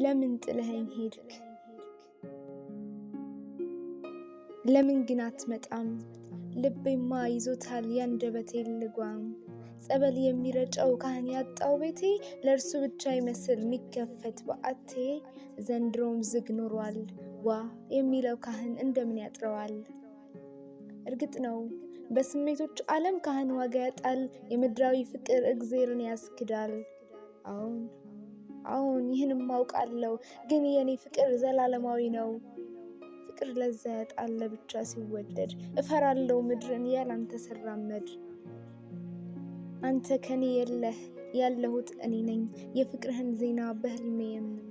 ለምን ጥለኸኝ ሄድክ? ለምን ግን አትመጣም? ልቤማ ይዞታል ያንደበቴ ልጓም ጸበል የሚረጨው ካህን ያጣው ቤቴ ለእርሱ ብቻ ይመስል የሚከፈት በአቴ ዘንድሮም ዝግ ኖሯል። ዋ የሚለው ካህን እንደምን ያጥረዋል? እርግጥ ነው በስሜቶች ዓለም ካህን ዋጋ ያጣል። የምድራዊ ፍቅር እግዜርን ያስክዳል። አዎን አሁን ይህንም አለው ግን የኔ ፍቅር ዘላለማዊ ነው። ፍቅር ለዛ ያጣለ ብቻ ሲወደድ። እፈራለው ምድርን ያላንተ ስራመድ። አንተ ከኔ የለህ ያለሁት እኔ ነኝ፣ የፍቅርህን ዜና በህልሜ የምመኝ።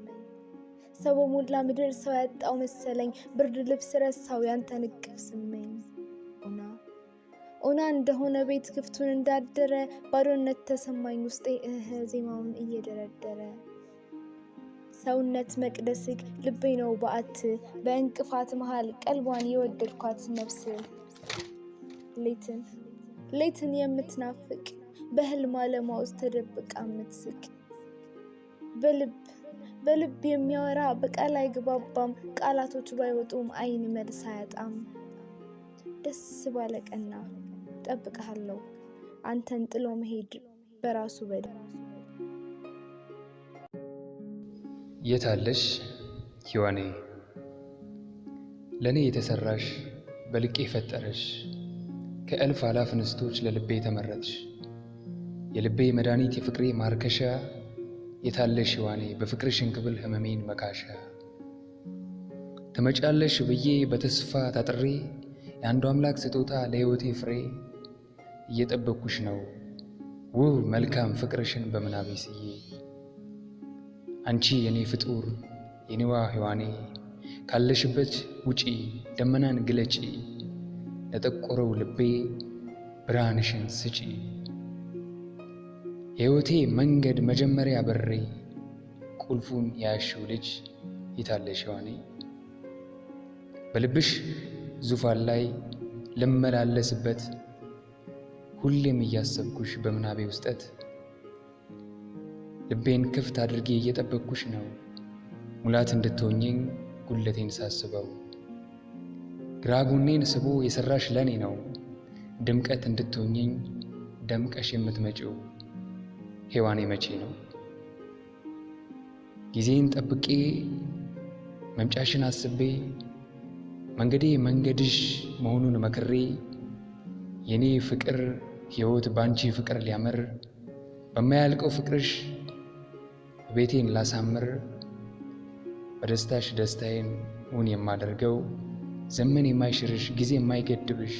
ሰው በሞላ ምድር ሰው ያጣው መሰለኝ፣ ብርድ ልብስ ረሳው ያንተን እቅፍ ስመኝ። ኦና ኦና እንደሆነ ቤት ክፍቱን እንዳደረ ባዶነት ተሰማኝ ውስጤ እህ ዜማውን እየደረደረ ሰውነት መቅደስግ ልቤ ነው በአት በእንቅፋት መሃል ቀልቧን የወደድኳት ነፍስ ሌትን ሌትን የምትናፍቅ በህልም ዓለማ ውስጥ ተደብቃ የምትስቅ በልብ በልብ የሚያወራ በቃል አይግባባም ቃላቶች ባይወጡም አይን መልስ አያጣም። ደስ ባለቀና ጠብቀሃለሁ አንተን ጥሎ መሄድ በራሱ በደም። የታለሽ ሕይዋኔ ለእኔ የተሠራሽ በልቄ የፈጠረሽ ከእልፍ አላፍ ንስቶች ለልቤ የተመረጥሽ የልቤ መድኃኒት የፍቅሬ ማርከሻ የታለሽ ሕይዋኔ በፍቅርሽ እንክብል ሕመሜን መካሻ ትመጫለሽ ብዬ በተስፋ ታጥሬ የአንዱ አምላክ ስጦታ ለሕይወቴ ፍሬ እየጠበቅኩሽ ነው ውብ መልካም ፍቅርሽን በምናቤ ስዬ አንቺ የኔ ፍጡር የኔዋ ሔዋኔ ካለሽበት ውጪ ደመናን ግለጪ ለጠቆረው ልቤ ብርሃንሽን ስጪ። የሕይወቴ መንገድ መጀመሪያ በሬ ቁልፉን ያያሽው ልጅ የታለሽ ሔዋኔ በልብሽ ዙፋን ላይ ልመላለስበት ሁሌም እያሰብኩሽ በምናቤ ውስጠት ልቤን ክፍት አድርጌ እየጠበቅኩሽ ነው። ሙላት እንድትሆኝኝ ጉለቴን ሳስበው ግራ ጎኔን ስቦ የሰራሽ ለኔ ነው። ድምቀት እንድትሆኝኝ ደምቀሽ የምትመጪው ሔዋኔ መቼ ነው? ጊዜን ጠብቄ መምጫሽን አስቤ መንገዴ መንገድሽ መሆኑን መክሬ የኔ ፍቅር ሕይወት ባንቺ ፍቅር ሊያምር በማያልቀው ፍቅርሽ ቤቴን ላሳምር በደስታሽ ደስታዬን እውን የማደርገው ዘመን የማይሽርሽ ጊዜ የማይገድብሽ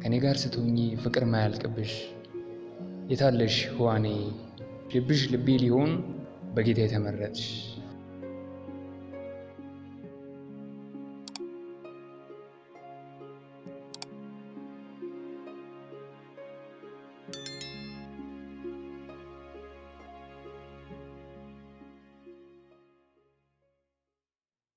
ከእኔ ጋር ስትሆኚ ፍቅር ማያልቅብሽ የታለሽ ህዋኔ ልብሽ ልቤ ሊሆን በጌታ የተመረጥሽ